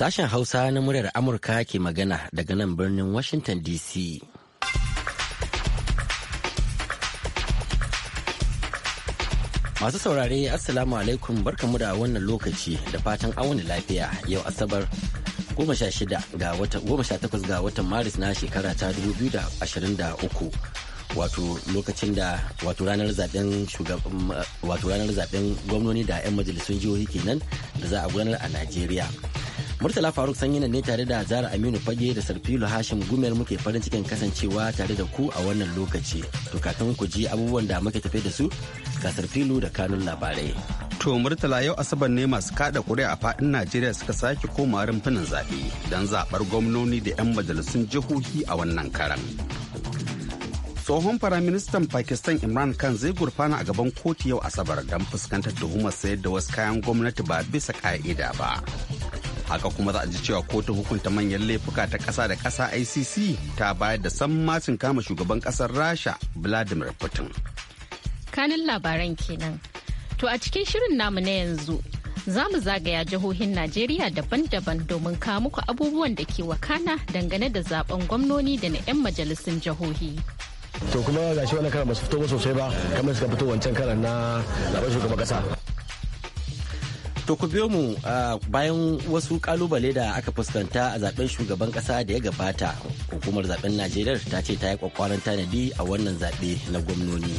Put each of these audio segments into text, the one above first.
Sashen Hausa na muryar Amurka ke magana daga nan birnin Washington DC. Masu saurare Assalamu alaikum barkamu da wannan lokaci da fatan wani lafiya yau Asabar 16 ga watan watan Maris na shekara ta 2023 wato lokacin da ranar zaben wato ranar zaben gwamnoni da 'yan majalisun jihohi kenan da za a gudanar a Najeriya. Murtala Faruk Sanyina ne tare da Zara Aminu Fage da Sarfilu Hashim Gumel muke farin cikin kasancewa tare da ku a wannan lokaci. To kafin ku ji abubuwan da muke tafe da su ga Sarfilu da kanun labarai. To Murtala yau Asabar ne masu kada kuri a fadin Najeriya suka sake koma rumfunan zaɓe don zaɓar gwamnoni da 'yan majalisun jihohi a wannan karan. Tsohon Firaministan Pakistan Imran Khan zai gurfana a gaban kotu yau Asabar don fuskantar tuhumar sayar da wasu kayan gwamnati ba bisa ka'ida ba. haka kuma za a ji cewa kotun hukunta manyan laifuka ta kasa da kasa icc ta bayar da sammacin kama shugaban kasar rasha vladimir putin kanin labaran kenan to a cikin shirin namu na yanzu za mu zagaya jihohin najeriya daban-daban domin kawo muku abubuwan da ke wakana dangane da zaben gwamnoni da na 'yan majalisun jihohi. to kuma ga shi wani karan ba fito sosai ba kamar suka fito wancan karan na zaben shugaban kasa To ku biyo mu bayan wasu kalubale da aka fuskanta a zaben shugaban kasa da ya gabata. Hukumar zaben Najeriya ta ce ta yi kwakwaran tanadi a wannan zaɓe na gwamnoni.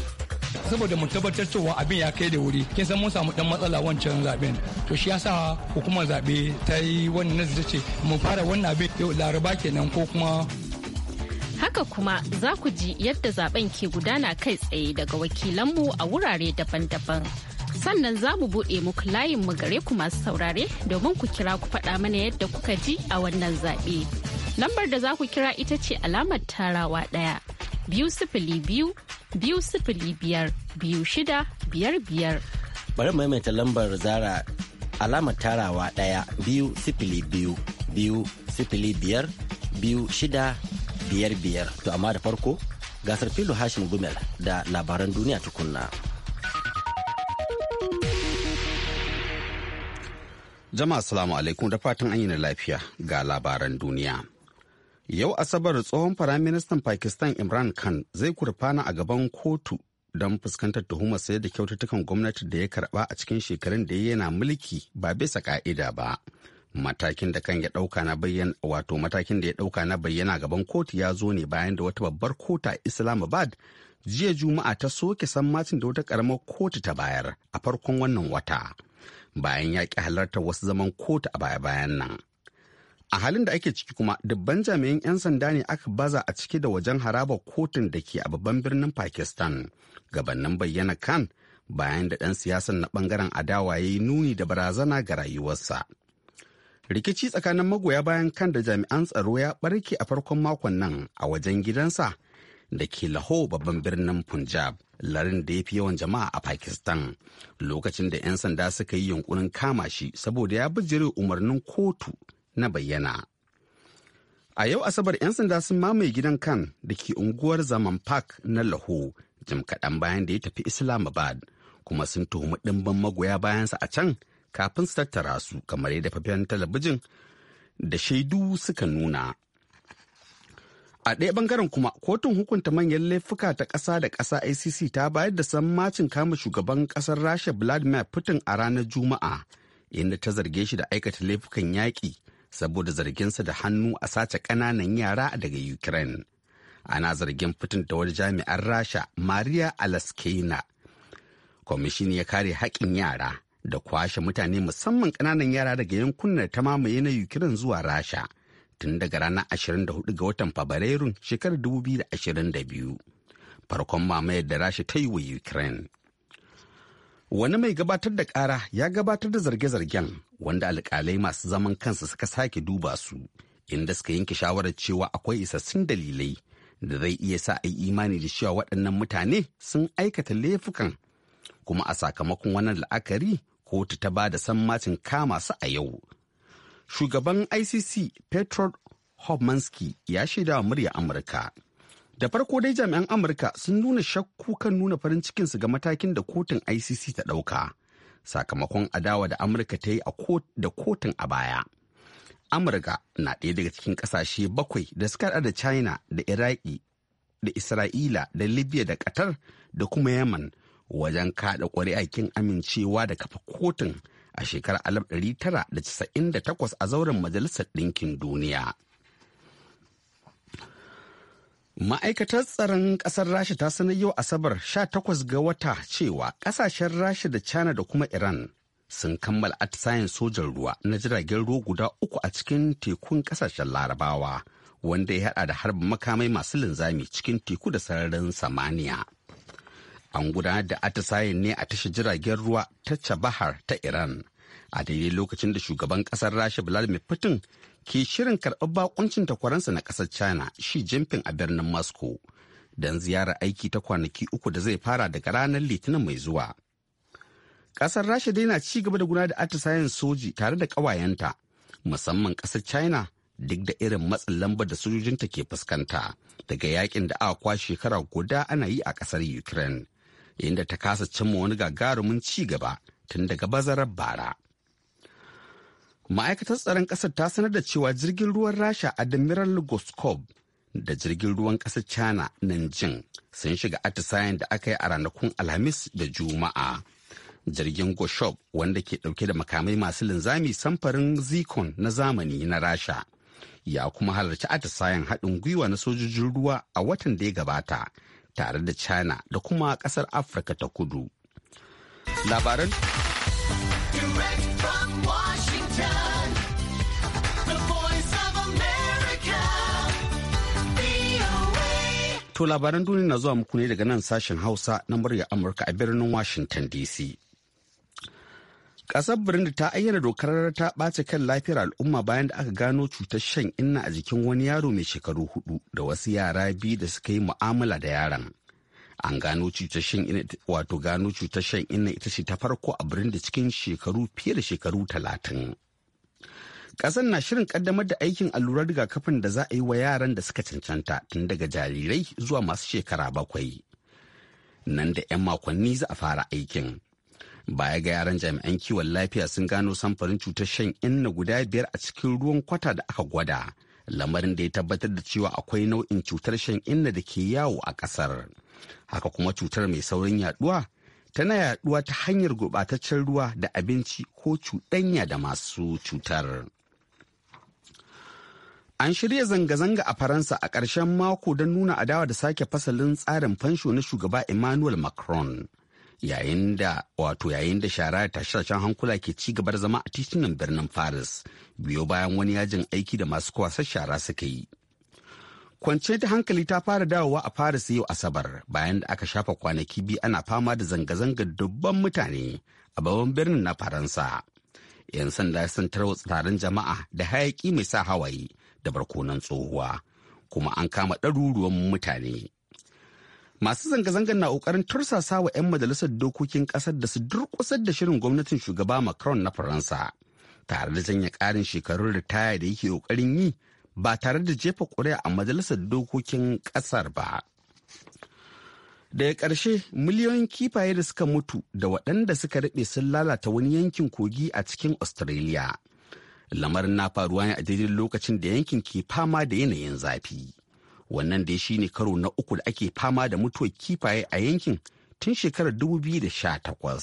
saboda mu tabbatar cewa abin ya kai da wuri kin san mun samu dan matsala wancan zaben to shi yasa hukumar zabe ta yi wannan nazari ce mu fara wannan abin yau laraba kenan ko kuma Haka kuma za ku ji yadda zaben ke gudana kai tsaye daga wakilanmu a wurare daban-daban. sannan za mu buɗe muku layin mu gare ku masu saurare domin ku kira ku faɗa mana yadda kuka ji a wannan zaɓe. Lambar da za ku kira ita ce alamar tarawa ɗaya biyu sifili biyu biyu sifili biyar biyu shida biyar biyar. Bari maimaita lambar zara alamar tarawa ɗaya biyu sifili biyu biyu sifili biyar biyu shida biyar biyar to amma da farko gasar filo hashim gumel da labaran duniya tukunna. Jama'a salamu alaikum da fatan an yi na lafiya ga labaran duniya. Yau Asabar tsohon Firaministan Pakistan Imran Khan zai kurfana a gaban kotu don fuskantar tuhumar sayar da kyaututtukan gwamnati da ya karba a cikin shekarun da yana mulki ba bisa ka'ida ba. Matakin da kan ya ɗauka na bayyana wato matakin da ya ɗauka na bayyana gaban kotu ya zo ne bayan da wata babbar kota Islamabad jiya Juma'a ta soke sammacin da wata ƙaramar kotu ta bayar a farkon wannan wata. bayan ya ƙi halartar wasu zaman kotu a baya-bayan nan. A halin da ake ciki kuma dubban jami'in 'yan sanda ne aka baza a ciki da wajen harabar kotun da ke a babban birnin Pakistan. Gabannin bayyana kan bayan da ɗan siyasan na ɓangaren adawa ya yi nuni da barazana ga rayuwarsa. Rikici tsakanin magoya bayan kan da jami'an tsaro ya ɓarke a farkon makon nan a wajen gidansa da ke Lahore babban birnin Punjab, larin da ya fi yawan jama'a a Pakistan. Lokacin da 'yan sanda suka yi yunkurin kama shi saboda ya bijire umarnin kotu na bayyana. A yau Asabar 'yan sanda sun mamaye gidan kan da ke unguwar Zaman Park na Lahore jim kaɗan bayan da ya tafi Islamabad, kuma sun tuhumi ɗimban magoya bayansa a can kafin su tattara su kamar yadda fafiyan talabijin da shaidu suka nuna a ɗaya bangaren kuma kotun hukunta manyan laifuka ta ƙasa da ƙasa icc ta bayar da sammacin kama shugaban ƙasar rasha vladimir putin a ranar juma'a inda ta zarge shi da aikata laifukan yaƙi saboda zarginsa da hannu a sace ƙananan yara daga ukraine ana zargin putin da wani jami'ar rasha maria alaskena kwamishin ya kare haƙƙin yara da kwashe mutane musamman ƙananan yara daga yankunan ta mamaye na ukraine zuwa rasha tun daga ranar 24 ga watan Fabrairun shekarar 2022. Farkon mamayar da Rasha ta yi wa Ukraine. Wani mai gabatar da ƙara ya gabatar da zarge-zargen wanda alƙalai masu zaman kansu suka sake duba su, inda suka yanke shawarar cewa akwai isassun dalilai da zai iya sa a yi imani da cewa waɗannan mutane sun aikata laifukan kuma a sakamakon wannan la'akari kotu ta ba da sammacin kama su a yau Shugaban ICC Petro Hobmanski ya shaida wa murya Amurka. Da farko dai jami'an Amurka sun nuna shakku kan nuna farin cikinsu ga matakin da kotun ICC ta ɗauka, sakamakon adawa da Amurka ta yi da kotun a baya. Amurka na ɗaya daga cikin ƙasashe bakwai da suka da China da Iraki da Isra'ila da Libya da Qatar da kuma yaman wajen kaɗa ƙuri'a kin amincewa da kafa kotun a shekarar 1998 a zauren Majalisar Ɗinkin Duniya. Ma'aikatar tsaron ƙasar Rasha ta sanar yau Asabar 18 ga wata cewa ƙasashen Rasha da China da kuma Iran sun kammala atisayen sojan ruwa na jiragen ruwa guda uku a cikin tekun ƙasashen Larabawa, wanda ya haɗa da harbin makamai masu linzami cikin teku da sararin samaniya. an gudanar da atisayen ne a tashar jiragen ruwa ta Chabahar ta Iran a daidai lokacin da shugaban kasar Rasha Vladimir Putin ke shirin karɓar bakuncin takwaransa na ƙasar China shi Jinping a birnin Moscow don ziyarar aiki ta kwanaki uku da zai fara daga ranar Litinin mai zuwa. Ƙasar Rasha dai na ci gaba da gudanar da atisayen soji tare da ƙawayenta musamman ƙasar China duk da irin matsin lambar da sojojinta ke fuskanta daga yakin da aka kwa shekara guda ana yi a ƙasar Ukraine. inda ta kasa cimma wani gagarumin ci gaba tun daga bazarar bara. Ma'aikatar tsaron ƙasar ta sanar da cewa jirgin ruwan Rasha Admiral Lugoskov da jirgin ruwan ƙasar China Nanjing sun shiga atisayen da aka yi a ranakun Alhamis da Juma'a. Jirgin goshop wanda ke ɗauke da makamai masu linzami samfarin Zikon na zamani na Rasha. Ya kuma halarci atisayen haɗin gwiwa na sojojin ruwa a watan da ya gabata tare da China da kuma ƙasar Afirka ta kudu. Labaran To labaran duniya na zuwa muku ne daga nan sashen Hausa na murya Amurka a birnin Washington DC. Ƙasar Burundi ta ayyana dokar ta ɓace kan lafiyar al'umma bayan da aka gano cutar shan inna a jikin wani yaro mai shekaru hudu da wasu yara biyu da suka yi mu'amala da yaran. An gano cutar shan inna wato gano cutar shan inna ita ce ta farko a Burundi cikin shekaru fiye da shekaru talatin. Ƙasar na shirin kaddamar da aikin allurar rigakafin da za a yi wa yaran da suka cancanta tun daga jarirai zuwa masu shekara bakwai. Nan da 'yan makonni za a fara aikin. baya ga yaran jami'an kiwon lafiya sun gano samfarin cutar shan inna guda biyar a cikin ruwan kwata da aka gwada lamarin da ya tabbatar da cewa akwai nau'in cutar shan inna da ke yawo a kasar haka kuma cutar mai saurin yaduwa tana yaduwa ta hanyar gurbataccen ruwa da abinci ko cuɗanya da masu cutar An shirya zanga-zanga a Faransa a ƙarshen mako don nuna adawa da sake fasalin tsarin fansho na shugaba Emmanuel Macron. yayin da wato yayin da shara da tashe-tashen hankula ke ci gaba da zama a titunan birnin paris biyo bayan wani yajin aiki da masu kwasar shara suka yi kwance ta hankali ta fara dawowa a paris yau asabar bayan da aka shafa kwanaki biyu ana fama da zanga-zangar dubban mutane a babban birnin na faransa 'yan sanda sun tarwa tsaron jama'a da hayaki mai sa hawaye da barkonan tsohuwa kuma an kama ɗaruruwan mutane masu zanga-zangar na kokarin tursasa wa 'yan majalisar dokokin ƙasar da su durkusar da shirin gwamnatin shugaba macron na faransa tare da janye karin shekarun ritaya da yake ƙoƙarin yi ba tare da jefa ƙuri'a a majalisar dokokin ƙasar ba daga ƙarshe miliyoyin kifaye da suka mutu da waɗanda suka riɓe sun lalata wani yankin kogi a cikin australia lamarin na faruwa ne a daidai lokacin da yankin ke fama da yanayin zafi wannan dai shine karo na uku da ake fama da mutuwar kifaye a yankin tun shekarar 2018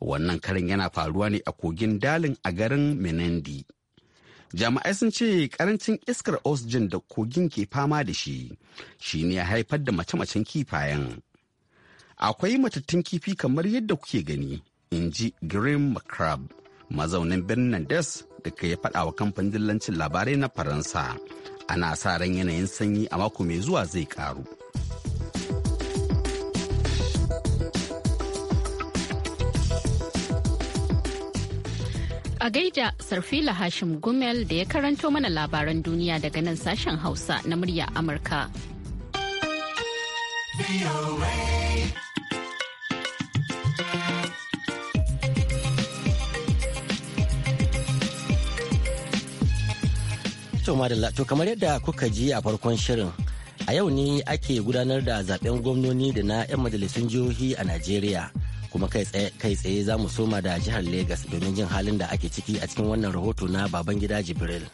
wannan karin yana faruwa ne a kogin dalin a garin menendi jami'ai sun ce karancin iskar oxygen da kogin ke fama da shi shine ya haifar da mace-macen kifayen akwai matattun kifi kamar yadda kuke gani in ji graham mccrab mazaunin birnin des da ke faɗa wa kamfanin dillancin labarai na faransa ana sa ran yanayin sanyi a mako mai zuwa zai karu a gaida sarfila hashim gumel da ya karanto mana labaran duniya daga nan sashen hausa na murya amurka. To madalla to kamar yadda kuka ji a farkon shirin a yau ne ake gudanar da zaben gwamnoni da na 'yan majalisun jihohi a Najeriya kuma kai tsaye za mu soma da jihar lagos domin jin halin da ake ciki a cikin wannan rahoto na baban gida Jibril.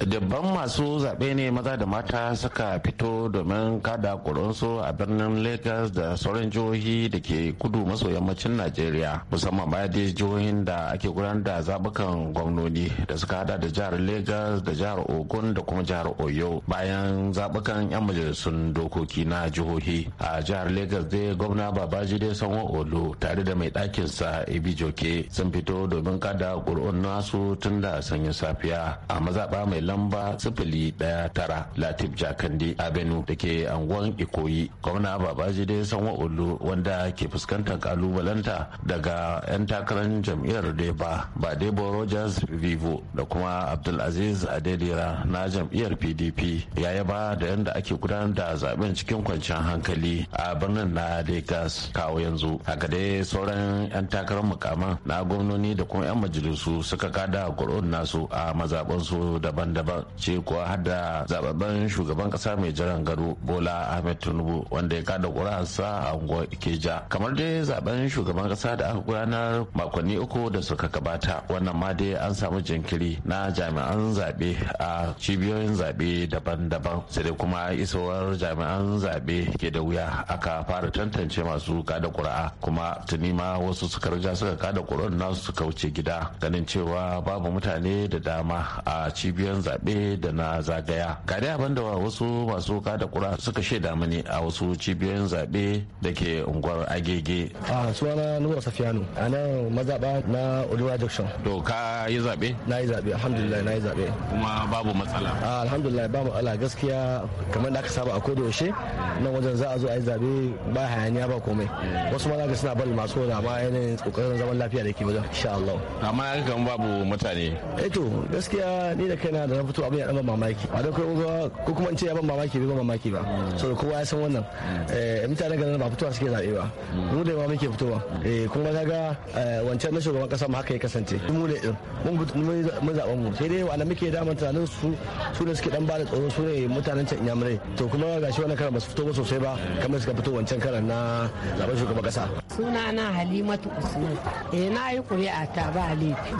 dabban masu zaɓe ne maza da mata suka fito domin kada ƙuransu a birnin lagos da sauran jihohi da ke kudu maso yammacin najeriya musamman baya da jihohin da ake gudanar da zaɓukan gwamnoni da suka hada da jihar lagos da jihar ogun da kuma jihar oyo bayan zaɓukan 'yan majalisun dokoki na jihohi a jihar lagos dai gwamna babajide sanwo olu tare da mai ɗakinsa Ibi-Joke sun fito domin kada ƙuri'un nasu tun da sanyin safiya a mazaɓa mai lamba sifili ɗaya tara latif jakande abenu da ke anguwan ikoyi gwamna babaji dai sanwa olu wanda ke fuskantar kalubalanta daga 'yan takarar jam'iyyar deba ba debo rogers vivo da kuma abdulaziz Adelira na jam'iyyar pdp ya yaba da yadda ake gudanar da zaben cikin kwanciyar hankali a birnin na lagos kawo yanzu haka dai sauran 'yan takarar mukaman na gwamnoni da kuma 'yan majalisu suka kada kuri'un nasu a mazaɓansu daban daban ce kuwa har zababben shugaban kasa mai jiran gado bola ahmed tinubu wanda ya kada sa a unguwar ikeja kamar dai zaben shugaban kasa da aka gudanar makonni uku da suka gabata wannan ma dai an samu jinkiri na jami'an zabe a cibiyoyin zabe daban-daban sai dai kuma isowar jami'an zabe ke da wuya aka fara tantance masu kada kura'a kuma tuni ma wasu suka rija suka kada ƙuri'ar nasu suka wuce gida ganin cewa babu mutane da dama a cibiyoyin zaɓe da na zagaya ga dai abin da wasu masu kada kura suka shaida mani a wasu cibiyoyin zaɓe da ke unguwar agege a suna nuwa safiyanu a nan mazaɓa na oliwa junction to ka yi zaɓe na yi zaɓe alhamdulillah na yi zaɓe kuma babu matsala alhamdulillah ba matsala gaskiya kamar da aka saba a koda yaushe nan wajen za a zo a yi zaɓe ba hayaniya ba komai wasu ma ga suna bari masu wani amma yanayin kokarin zaman lafiya da ke wajen insha Allah amma kan babu mutane eh to gaskiya ni da kaina da na fito abin ya ban mamaki ba don ko kuma in ce ya ban mamaki bai ban mamaki ba so kowa ya san wannan eh, mutanen garin ba fitowa suke zaɓe ba mu da ma muke fitowa eh, kuma ka ga eh, wancan na shugaban kasa ma haka ya kasance mu ne din mun zaɓen mu sai dai wanda muke daman tunanin su su ne suke dan ba da tsoro su ne mutanen can inyamurai to kuma gashi wannan karan ba su fito ba sosai ba kamar suka fito wancan karan na zaɓen shugaban kasa suna na halimatu usman eh na yi ƙuri'a ta ba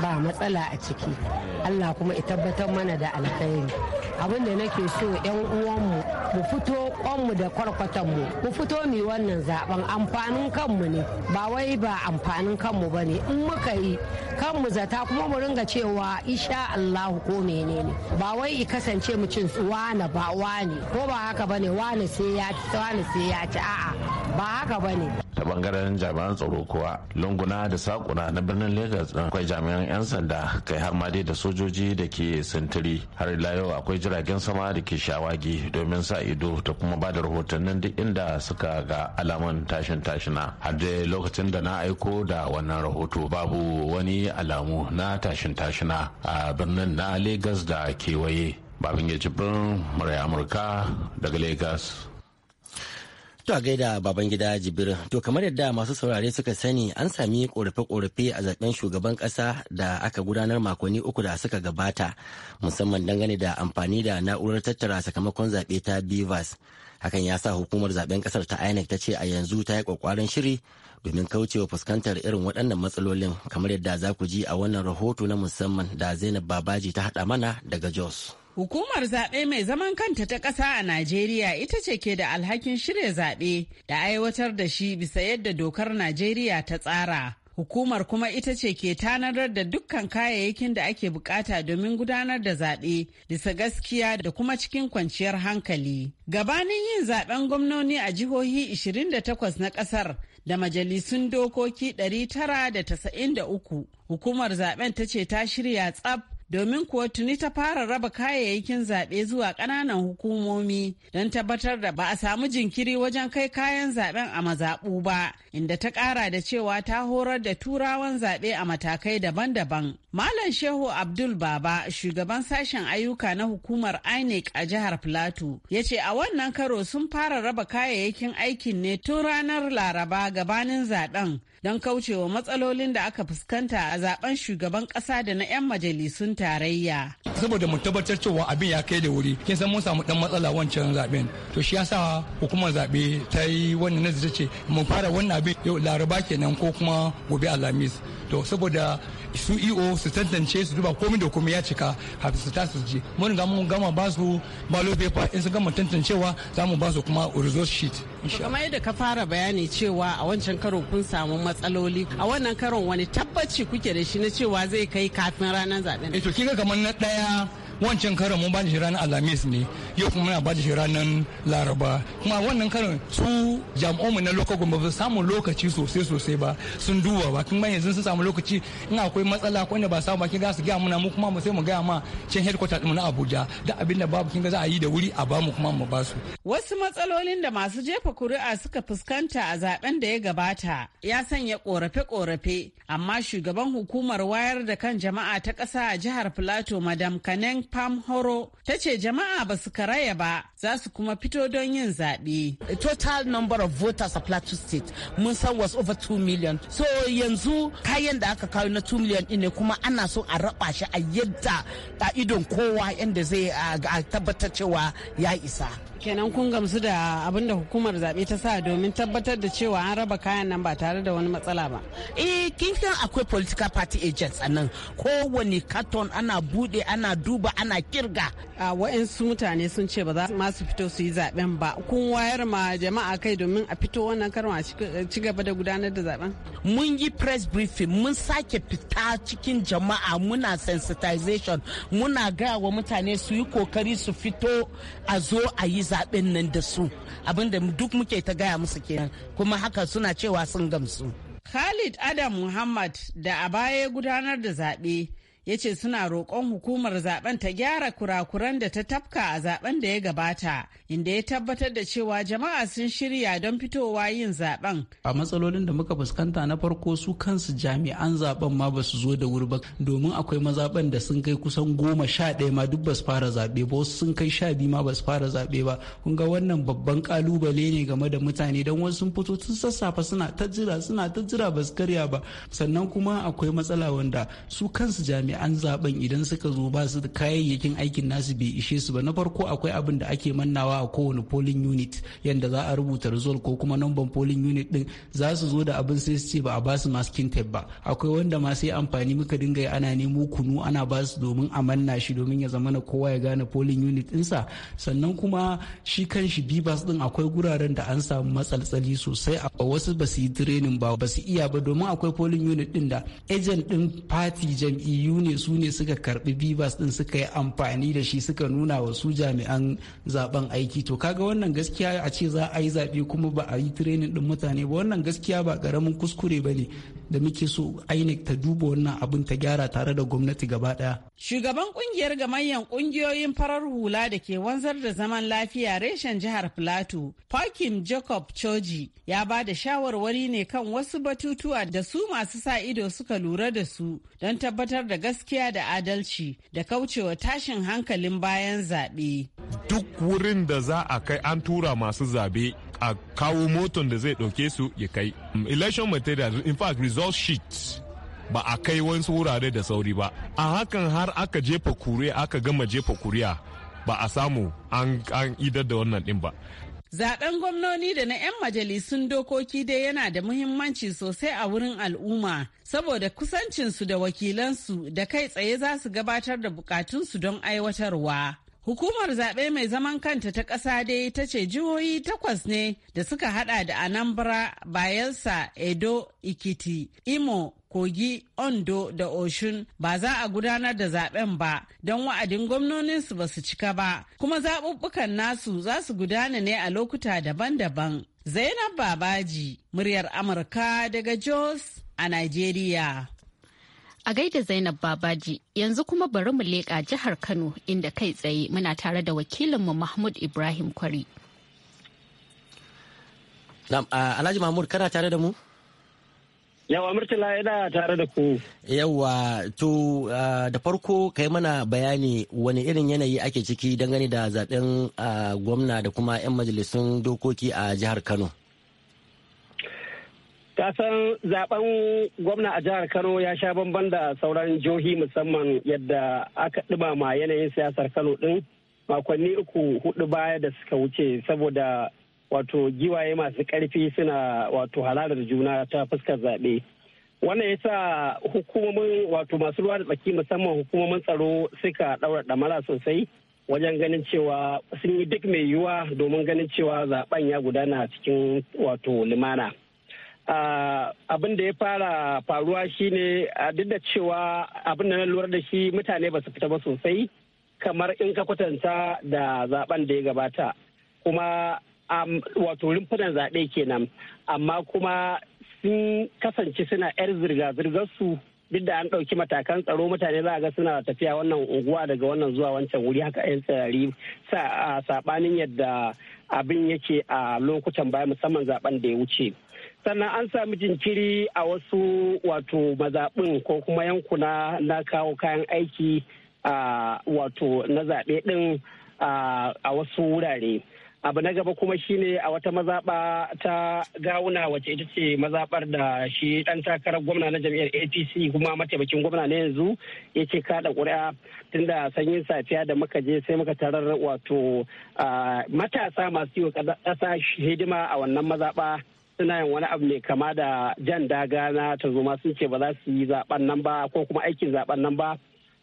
ba matsala a ciki Allah kuma ya tabbatar mana da alkhairi abin da nake so yan uwan mu mu fito kwanmu da kwarkwatan mu fito mu wannan zaben amfanin kanmu ne ba wai ba amfanin kanmu ba ne in muka yi kanmu zata kuma mu ringa cewa isha Allahu ko menene ba wai i kasance mu cin wane ba wane ko ba haka bane wane sai ya ci wane sai ya ci a'a ba haka bane ta bangaren jami'an tsaro kuwa lunguna da sakuna na birnin lagos din akwai jami'an 'yan sanda kai har ma da sojoji da ke sintiri har ila yau akwai jiragen sama da ke shawagi domin sa ido ta kuma ba da rahotannin duk inda suka ga alamun tashin tashina har da lokacin da na aiko da wannan rahoto babu wani alamu na tashin tashina a birnin na lagos da kewaye babin ya jibrin murai amurka daga lagos To a gaida baban gida Jibir, to kamar yadda masu saurare suka sani an sami korafe-korafe a zaben shugaban kasa da aka gudanar makonni uku da suka gabata musamman dangane da amfani da na'urar tattara sakamakon zaɓe ta Bivas. Hakan ya sa hukumar zaben kasar ta INEC ta ce a yanzu ta yi kwakwaran shiri domin kaucewa fuskantar irin waɗannan matsalolin kamar yadda za ku ji a wannan rahoto na musamman da Zainab Babaji ta haɗa mana daga Jos. Hukumar zaɓe mai zaman kanta ta ƙasa a Najeriya ita ce ke da alhakin shirya zaɓe da aiwatar da shi bisa yadda dokar Najeriya ta tsara. Hukumar kuma ita ce ke tanadar da dukkan kayayyakin da ake bukata domin gudanar da zaɓe bisa gaskiya da kuma cikin kwanciyar hankali. Gabanin yin zaɓen gwamnoni a jihohi 28 na ƙasar da majalisun dokoki 993 hukumar zaɓen ta ce ta shirya tsab domin kuwa tuni ta fara raba kayayyakin zaɓe zuwa ƙananan hukumomi don tabbatar da ba a samu jinkiri wajen kai kayan zaɓen a mazaɓu ba inda ta ƙara da cewa ta horar da turawan zaɓe a matakai daban-daban malam shehu abdul baba shugaban sashen ayyuka na hukumar inec a jihar plateau ya ce a wannan karo sun fara raba kayayyakin aikin ne tun ranar laraba gabanin zaɓen don kaucewa matsalolin da aka fuskanta a zaben shugaban kasa da na 'yan majalisun tarayya. Saboda mu tabbatar cewa abin ya kai da wuri, kin san mun samu dan matsala wancan zaben. To shi yasa hukumar zabe ta yi wannan nazari ce mu fara wannan abin yau Laraba kenan ko kuma gobe Alhamis. To saboda su EO su tantance su duba komai da komai ya cika kafin su tasu je. Mun ga mun gama ba su ballot paper in su gama tantancewa za mu ba su kuma result sheet. kamar yadda ka fara bayani cewa a wancan karon kun samu matsaloli a wannan karon wani tabbaci kuke da shi na cewa zai kai kafin ranar zaben eh to kamar na ɗaya. wancan karon mun bada shi ranar alhamis ne yau kuma muna bada shi ranar laraba kuma wannan karon su jami'anmu na local government ba su samu lokaci sosai sosai ba sun duba ba kuma yanzu sun samu lokaci in akwai matsala ko wanda ba samu ba kin ga su gaya muna mu kuma mu sai mu gaya ma can headquarter din na Abuja da abin da babu kin ga za a yi da wuri a bamu kuma mu basu wasu matsalolin da masu jefa kuri'a suka fuskanta a zaben da ya gabata ya sanya korafe-korafe amma shugaban hukumar wayar da kan jama'a ta kasa a jihar Plateau Madam Kanen birnin Horo ta ce jama'a ba su karaya ba za su kuma fito don yin zaɓe. Total number of voters a Plateau State mun san was over 2 million. So yanzu kayan da aka kawo na 2 million ne kuma ana so a raba shi a yadda a idon kowa yadda zai tabbatar cewa ya isa. kenan kun gamsu da abin da hukumar zaɓe ta sa domin tabbatar da cewa an raba kayan nan ba tare da wani matsala ba eh kin san akwai political party agents anan kowani kowane carton ana bude ana duba ana kirga a wa'ansu mutane sun ce ba za ma su fito su yi zaben ba kun wayar ma jama'a kai domin a fito wannan karma ci gaba da gudanar da zaben mun yi press briefing mun sake fita cikin jama'a muna sensitization muna gaya wa mutane su yi kokari su fito a zo a yi zaɓen nan da su abinda duk muke ta gaya musu kenan kuma haka suna cewa sun gamsu. Khalid Adam Muhammad da a baya gudanar da zaɓe ya ce suna roƙon hukumar zaben ta gyara kurakuran da ta tafka a zaben da ya gabata inda ya tabbatar da cewa jama'a sun shirya don fitowa yin zaben a matsalolin da muka fuskanta na farko su kansu jami'an zaben ma ba su zo da wuri ba domin akwai mazaben da sun kai kusan goma sha ɗaya ma duk ba su fara zaɓe ba wasu sun kai sha biyu ma ba su fara zaɓe ba kun ga wannan babban kalubale ne game da mutane don wasu sun fito tun sassafe suna ta jira suna ta jira ba su karya ba sannan kuma akwai matsala wanda su kansu jami'an an zaben idan suka zo ba su da kayayyakin aikin nasu bai ishe su ba na farko akwai abin da ake mannawa a kowane polling unit yadda za a rubuta result ko kuma number polling unit din za su zo da abin sai su ce ba a ba su masking tape ba akwai wanda ma sai amfani muka dinga yi ana nemo kunu ana ba su domin a manna shi domin ya zama na kowa ya gane polling unit dinsa sannan kuma shi kan shi bibas din akwai guraren da an samu matsaltsali sosai a wasu ba su yi training ba ba su iya ba domin akwai polling unit din da agent din party jam'iyyu ne su ne suka karbi bibas din suka yi amfani da shi suka nuna wa su jami'an zaben aiki to kaga wannan gaskiya a ce za a yi zaɓe kuma ba a yi training din mutane ba wannan gaskiya ba karamin kuskure ba ne da muke so INEC ta duba wannan abin ta gyara tare da gwamnati gaba daya. Shugaban kungiyar manyan kungiyoyin farar hula da ke wanzar da zaman lafiya reshen jihar Filato, Parkim Jacob Choji ya ba da shawarwari ne kan wasu batutuwa da su masu sa ido suka lura da su don tabbatar da gaskiya da adalci da kaucewa tashin hankalin bayan zaɓe. Duk wurin da za a kai an tura masu zaɓe a kawo moton da zai ɗauke su ya kai election material in fact result sheet ba a kai wani wurare da sauri ba a hakan har aka jefa kuriya aka gama jefa kuriya ba a samu an idar da wannan din ba Zaben gwamnoni da na 'yan majalisun dokoki dai yana da muhimmanci sosai a wurin al'umma saboda kusancinsu da wakilansu da kai tsaye za su gabatar da bukatunsu don aiwatarwa. Hukumar zaɓe mai zaman kanta ta ƙasa dai ta ce jihohi takwas ne da suka haɗa da Anambra, Bayelsa, Edo, Ikiti, Imo, Kogi, Ondo da Oshun ba za a gudanar da zaɓen ba don wa'adin gwamnoninsu ba su cika ba, kuma zaɓuɓɓukan nasu za su gudana ne a lokuta daban-daban. Zainab Babaji, muryar Amurka daga Jos a Najeriya. A gaida Zainab Babaji yanzu kuma bari mu leƙa jihar Kano inda kai tsaye muna tare da wakilinmu Mahmud Ibrahim Kwari. Alhaji Mahmud kana tare da mu? Yawa Murtala yana tare da ku. Yawa to da farko kai mana bayani wani irin yanayi ake ciki dangane da zaben gwamna da kuma 'yan majalisun dokoki a jihar Kano. kasan zaben gwamna a jihar kano ya sha bamban da sauran jihohi musamman yadda aka ɗumama yanayin siyasar kano ɗin makonni uku hudu baya da suka wuce saboda wato giwaye masu ƙarfi suna wato halalar juna ta fuskar zaɓe wannan ya sa hukumomin wato masu ruwa da tsaki musamman hukumomin tsaro suka ɗaura ɗamara sosai wajen ganin cewa sun yi duk mai yiwuwa domin ganin cewa zaben ya gudana cikin wato limana. abin da ya fara faruwa shine duk da cewa abin da na lura da shi mutane ba su fita ba sosai kamar in ka kwatanta da zaben da ya gabata kuma wato rumfunan zaɓe kenan amma kuma sun kasance suna 'yar zirga-zirgar su duk da an ɗauki matakan tsaro mutane za a ga suna tafiya wannan unguwa daga wannan zuwa wancan wuri haka 'yan tsirari saɓanin yadda abin yake a lokutan baya musamman zaben da ya wuce. sannan an samu jinkiri a wasu wato mazaɓin ko kuma yankuna na kawo kayan aiki a wato na zaɓe ɗin a wasu wurare abu na gaba kuma shine a wata mazaɓa ta gawuna wacce ita ce mazaɓar da shi ɗan takarar gwamna na jam'iyyar apc kuma mataimakin gwamna na yanzu ya ce kaɗa ƙuri'a tunda sanyin safiya da muka je sai muka tarar wato matasa masu yi wa ƙasa hidima a wannan mazaɓa suna yin wani abu ne kama da jan daga na tarzoma sun ce ba za su yi zaben nan ba ko kuma aikin zaben nan ba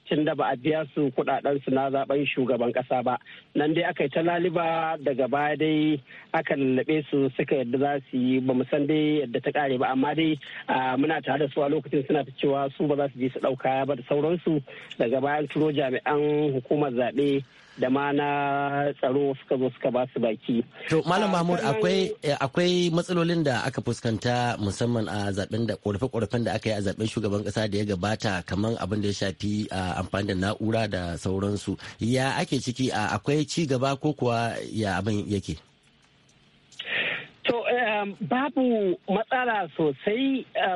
tun da ba a biya su kudaden su na zaben shugaban kasa ba nan dai aka yi ta laliba daga baya dai aka lallabe su suka yadda za su yi ba mu san dai yadda ta kare ba amma dai muna tare da su a lokacin suna ta cewa su ba za su je su dauka ba da sauransu daga bayan turo jami'an hukumar zaɓe da ma na tsaro suka zo suka ba su baki. To Malam ah, Mahmud eh, akwai matsalolin da aka fuskanta musamman a zaben da korafe-korafen da aka yi a zaben shugaban ƙasa da ya gabata kamar abin da ya shafi amfani da na'ura da sauransu. Ya ake ciki akwai ci gaba ko kuwa ya abin yake? To eh, babu matsala sosai eh,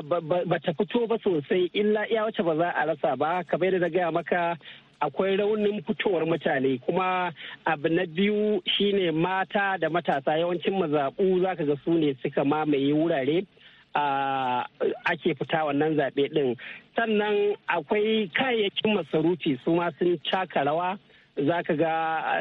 ba ta fito ba sosai illa iya wacce ba za a rasa ba kamar da na gaya maka akwai raunin fitowar mutane kuma abu na biyu shine mata da matasa yawancin mazaɓu za ka ga su ne suka mamaye wurare ake fita wannan zaɓe ɗin sannan akwai kayayyakin masarufi su ma sun caka rawa za ka ga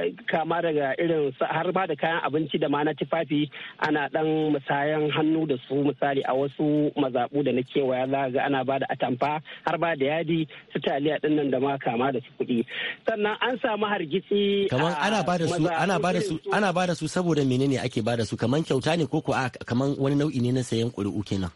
eh, kama daga irin har ba da kayan abinci da ma na tufafi ana dan musayan hannu da su misali a wasu mazaɓu da na kewaya za ga ana ba da atamfa har ba da yadi su taliya din nan da ma kama da su kuɗi sannan an samu hargitsi kamar ana ba da su ana ba da su ana ba da su saboda menene ake ba da su kamar kyauta ne ko ko a kamar wani nau'i ne na sayan ƙuri'u kenan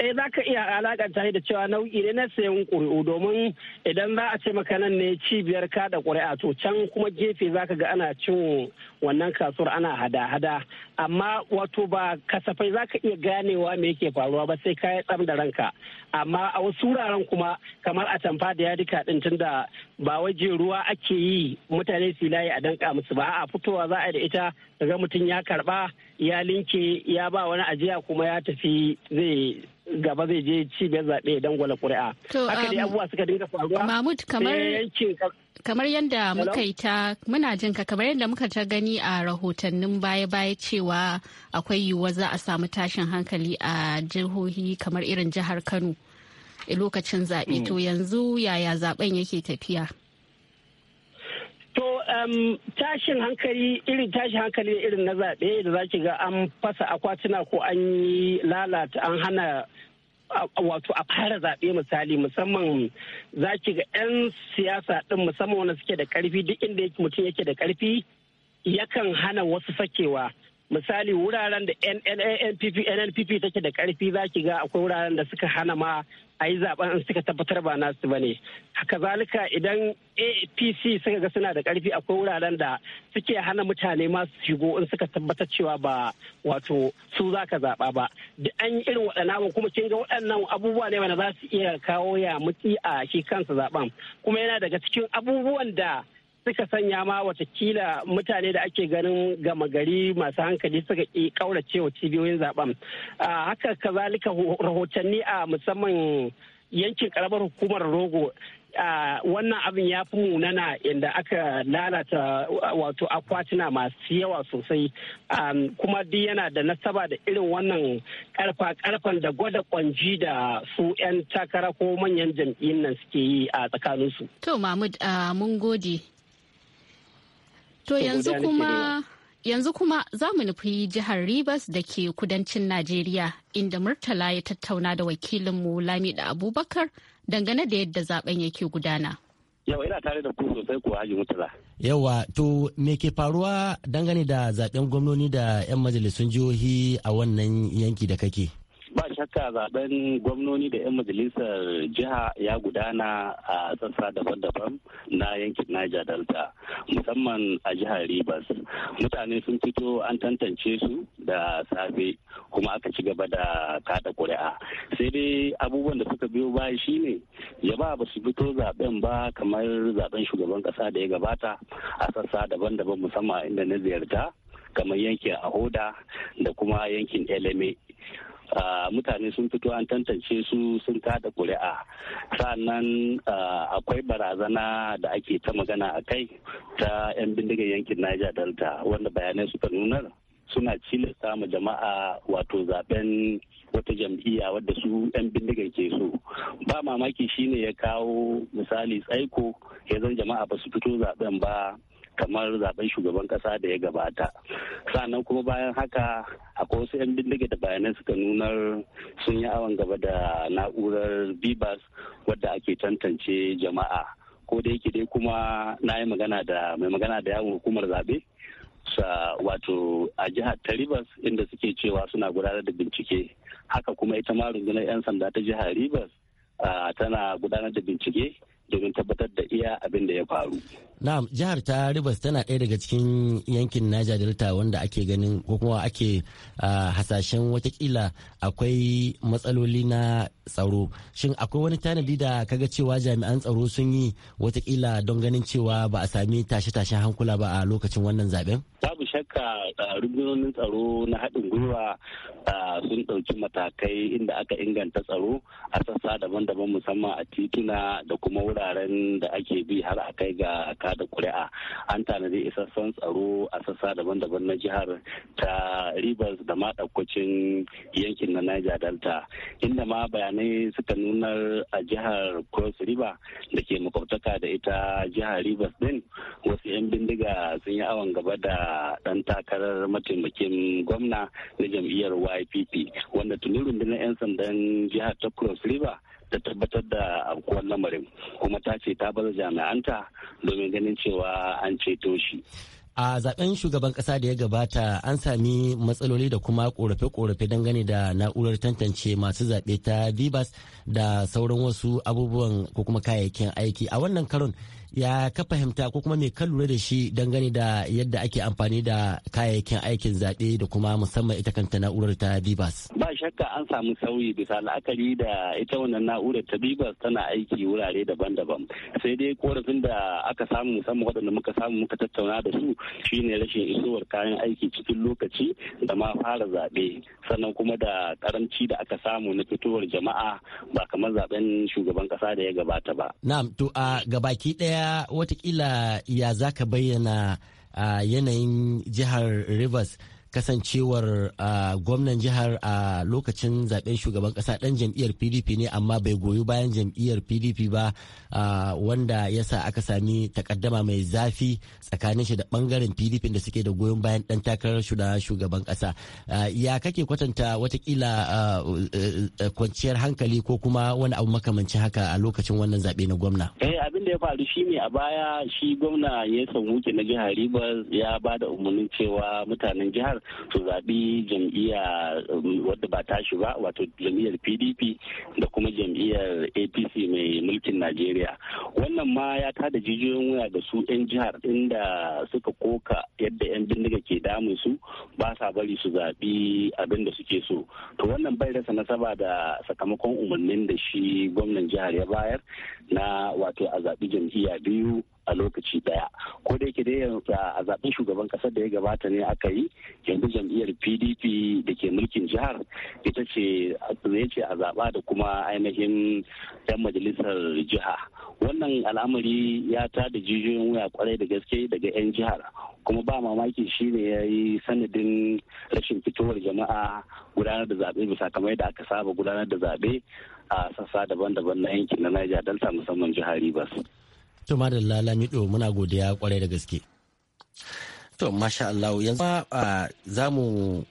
eh za ka iya alakanta da cewa nau'i ne na sayan ƙuri'u domin idan za a ce maka nan ne cibiyar kada ƙuri'a to can kuma gefe za ka ga ana cin wannan kasuwar ana hada-hada amma wato ba kasafai za ka iya ganewa me yake faruwa ba sai kayi tsam da ranka amma a wasu wuraren kuma kamar a tamfa da yadika din tunda ba waje ruwa ake yi mutane su layi a danka musu ba a fitowa za a da ita ga mutum ya karba ya linke ya ba wani ajiya kuma ya tafi zai gaba zai je cibiyar zaɓe don gwala ƙuri'a. Haka dai um, abubuwa suka dinga faruwa. Mahmud kamar kamar yadda muka yi ta muna jin ka kamar yadda muka ta gani a rahotannin baya-baya cewa akwai yiwuwa za a samu tashin hankali a jihohi kamar irin jihar Kano lokacin zaɓe to hmm. yanzu yaya zaɓen yake tafiya. tashin hankali irin tashin hankali irin na zaɓe da za ki ga an fasa akwatuna ko an yi lalata an hana wato a fara zaɓe misali musamman za ki ga 'yan siyasa ɗin musamman wanda suke da ƙarfi duk inda mutum yake da ƙarfi yakan hana wasu sakewa. misali wuraren da NNPP take da karfi zaki ga akwai wuraren da suka hana ma a yi zaben in suka tabbatar ba nasu ba ne haka zalika idan apc suka ga suna da karfi akwai wuraren da suke hana mutane masu shigo in suka tabbatar cewa ba wato su za ka zaɓa ba da an yi irin waɗannan kuma kin ga waɗannan abubuwa ne wanda za su iya kawo ya mutsi a shi kansa zaɓen kuma yana daga cikin abubuwan da suka sanya ma watakila mutane da ake ganin gama gari masu hankali suka ƙi ƙaurace wa cibiyoyin zaben haka kazalika rahotanni a musamman yankin karamar hukumar rogo wannan abin ya fi munana inda aka lalata wato akwatuna masu yawa sosai kuma duk yana da nasaba da irin wannan karfa-karfan da gwada kwanji da su 'yan takara ko manyan jam'iyyun nan suke yi a tsakaninsu. to mahmud mun gode To yanzu kuma yanzu kuma za mu nufi jihar Rivers da ke kudancin Najeriya inda Murtala ya tattauna da wakilinmu Lamida Abubakar dangane da yadda zaben yake gudana. Yawa ina tare da ku sosai ko Haji Murtala. Yawa to me ke faruwa dangane da zaben gwamnoni da 'yan majalisun jihohi a wannan yanki da kake? ba shakka zaben gwamnoni da 'yan majalisar jiha ya gudana a sassa daban-daban na yankin niger delta musamman a jihar rivers mutane sun fito an tantance su da safe kuma aka ci gaba da kada kuri'a sai dai abubuwan da suka biyo baya shine ya ba ba su fito zaben ba kamar zaben shugaban kasa da ya gabata a sassa daban-daban musamman inda na ziyarta kamar yankin ahoda da kuma yankin eleme mutane sun fito an tantance su sun kada kuri'a sannan akwai barazana da ake ta magana a kai ta 'yan bindigar yankin niger delta wanda bayanai suka nunar suna cilasta ma jama'a wato zaben wata jam'iyya wadda su 'yan bindigar ke so ba mamaki shine ya kawo misali tsaiko ya zan jama'a ba su fito zaben ba kamar zaben shugaban kasa da ya gabata sannan kuma bayan haka akwai wasu 'yan bindiga da bayanai suka nunar sun yi awon gaba da na'urar bibas wadda ake tantance jama'a ko da yake dai kuma na yi magana da mai magana da yawon hukumar zaɓe sa wato a jihar ta rivers inda suke cewa suna gudanar da bincike haka kuma ita ma rundunar 'yan sanda ta jihar rivers tana gudanar da bincike domin tabbatar da iya abin da ya faru. Na'am jihar ta Rivers tana ɗaya daga cikin yankin Niger Delta wanda ake ganin ko kuma ake hasashen watakila akwai matsaloli na tsaro. Shin akwai wani tanadi da kaga cewa jami'an tsaro sun yi watakila don ganin cewa ba a sami tashe-tashen hankula ba a lokacin wannan zaben? Babu shakka rundunonin tsaro na haɗin gwiwa sun ɗauki matakai inda aka inganta tsaro a sassa daban-daban musamman a tituna da kuma wurare wuraren da ake bi har a kai ga kada kuri'a an tanadi isassan tsaro a sassa daban-daban na jihar ta rivers da ma ɗaukacin yankin na niger delta inda ma bayanai suka nuna a jihar cross river da ke makwabtaka da ita jihar rivers din wasu 'yan bindiga sun yi awon gaba da ɗan takarar mataimakin gwamna na jam'iyyar ypp wanda tuni rundunar 'yan sandan jihar ta cross river ta tabbatar da aukuwar lamarin kuma ta ce ta bar jami'anta domin ganin cewa an ceto shi a zaben shugaban kasa da ya gabata an sami matsaloli da kuma korafe-korafe dangane da na'urar tantance masu zaɓe ta vibas da sauran wasu abubuwan ko kuma kayayyakin aiki a wannan karon ya ka fahimta ko kuma me ka lura da shi dangane da yadda ake amfani da kayayyakin aikin zaɓe da kuma musamman ita kanta na'urar ta bibas ba shakka an samu sauyi bisa la'akari da ita wannan na'urar ta bibas tana aiki wurare daban-daban sai dai korafin da aka samu musamman waɗanda muka samu muka tattauna da su shine rashin isowar kayan aiki cikin lokaci da ma fara zaɓe sannan kuma da karamci da aka samu na fitowar jama'a ba kamar zaɓen shugaban ƙasa da ya gabata ba na'am to a gabaki ɗaya ya watakila ya zaka bayyana yanayin jihar rivers kasancewar gwamnan jihar a lokacin zaben shugaban kasa dan jam'iyyar pdp ne amma bai goyi bayan jam'iyyar pdp ba wanda ya sa aka sami takaddama mai zafi tsakanin shi da bangaren pdp da suke da goyon bayan dan takarar shugaban kasa ya kake kwatanta watakila kwanciyar hankali ko kuma wani abu makamanci haka a lokacin wannan zaɓe na gwamna eh abin da ya faru shine a baya shi gwamna ya samu na jihar Ribas ya ba da umarnin cewa mutanen jihar su zaɓi jam'iyya um, wadda ba tashi ba wato jam'iyyar pdp da kuma jam'iyyar apc mai mulkin najeriya wannan ma ya tada jijiyoyin wuya da su 'yan jihar inda suka koka yadda 'yan bindiga ke damun su ba sa bari su zaɓi abin da suke so to wannan bai rasa nasaba da sakamakon umarnin da shi gwamnan jihar ya bayar na wato a zaɓi jam'iyya biyu a lokaci daya ko da yake dai a zaben shugaban kasar da ya gabata ne aka yi yanzu jam'iyyar pdp da ke mulkin jihar ita ce ya ce a zaba da kuma ainihin yan majalisar jiha wannan al'amari ya ta da jijiyoyin wuya kwarai da gaske daga 'yan jihar kuma ba mamaki shi ne ya yi sanadin rashin fitowar jama'a gudanar da zaɓe bisa kamar da aka saba gudanar da zaɓe a sassa daban-daban na yankin na Niger Delta musamman jihar Rivers. To da Lamido muna godiya kwarai da gaske. To masha Allah yanzu ah, za mu